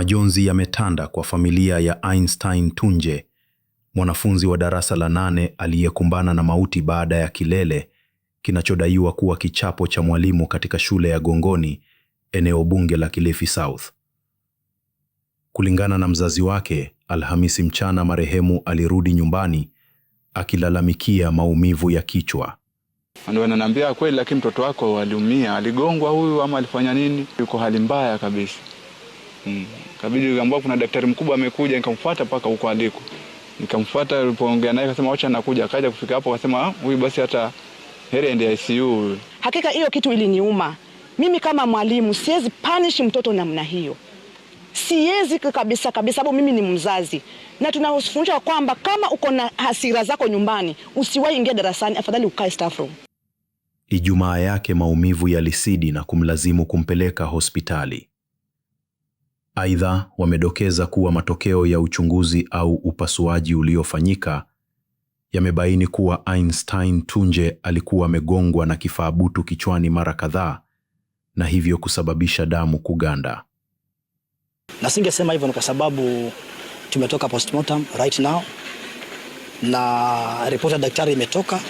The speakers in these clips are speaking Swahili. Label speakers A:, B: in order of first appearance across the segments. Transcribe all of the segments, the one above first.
A: Majonzi yametanda kwa familia ya Einstein Tunje, mwanafunzi wa darasa la nane aliyekumbana na mauti baada ya kilele kinachodaiwa kuwa kichapo cha mwalimu katika shule ya Gongoni, eneo bunge la Kilifi South. Kulingana na mzazi wake, Alhamisi mchana marehemu alirudi nyumbani akilalamikia maumivu ya kichwa.
B: Ndio ananiambia kweli, lakini mtoto wako aliumia, aligongwa huyu ama alifanya nini? Yuko hali mbaya kabisa. Mm. Kabidi ambao kuna daktari mkubwa amekuja nikamfuata paka huko aliko. Nikamfuata alipoongea naye akasema acha nakuja. Akaja kufika hapo akasema ah, huyu basi hata heri aende ICU.
C: Hakika hiyo kitu iliniuma. Mimi kama mwalimu siwezi punish mtoto namna hiyo. Siwezi kabisa kabisa, sababu mimi ni mzazi na tunafundisha kwamba kama uko na hasira zako nyumbani usiwahi ingia darasani, afadhali ukae staff room.
A: Ijumaa yake maumivu yalisidi na kumlazimu kumpeleka hospitali. Aidha, wamedokeza kuwa matokeo ya uchunguzi au upasuaji uliofanyika yamebaini kuwa Einstein Tunje alikuwa amegongwa na kifaa butu kichwani mara kadhaa na hivyo kusababisha damu kuganda.
D: Nasingesema hivyo ni kwa sababu tumetoka postmortem right now, na ripoti ya daktari imetoka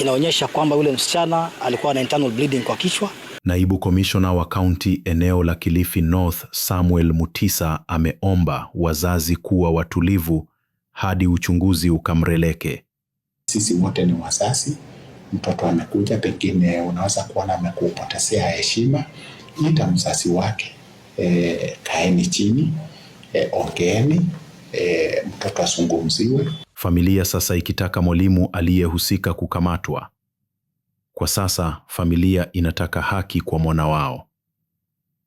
D: inaonyesha kwamba yule msichana alikuwa na internal bleeding kwa kichwa.
A: Naibu Komishona wa Kaunti eneo la Kilifi North, Samuel Mutisa ameomba wazazi kuwa watulivu hadi uchunguzi ukamreleke.
E: Sisi wote ni wazazi, mtoto amekuja, pengine unaweza kuona amekupotezea heshima. Ita mzazi wake, e, kaeni chini, e, ongeeni, e, mtoto azungumziwe.
A: Familia sasa ikitaka mwalimu aliyehusika kukamatwa. Kwa sasa familia inataka haki kwa mwana wao.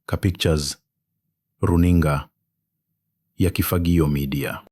A: Kapictures, runinga ya Kifagio Media.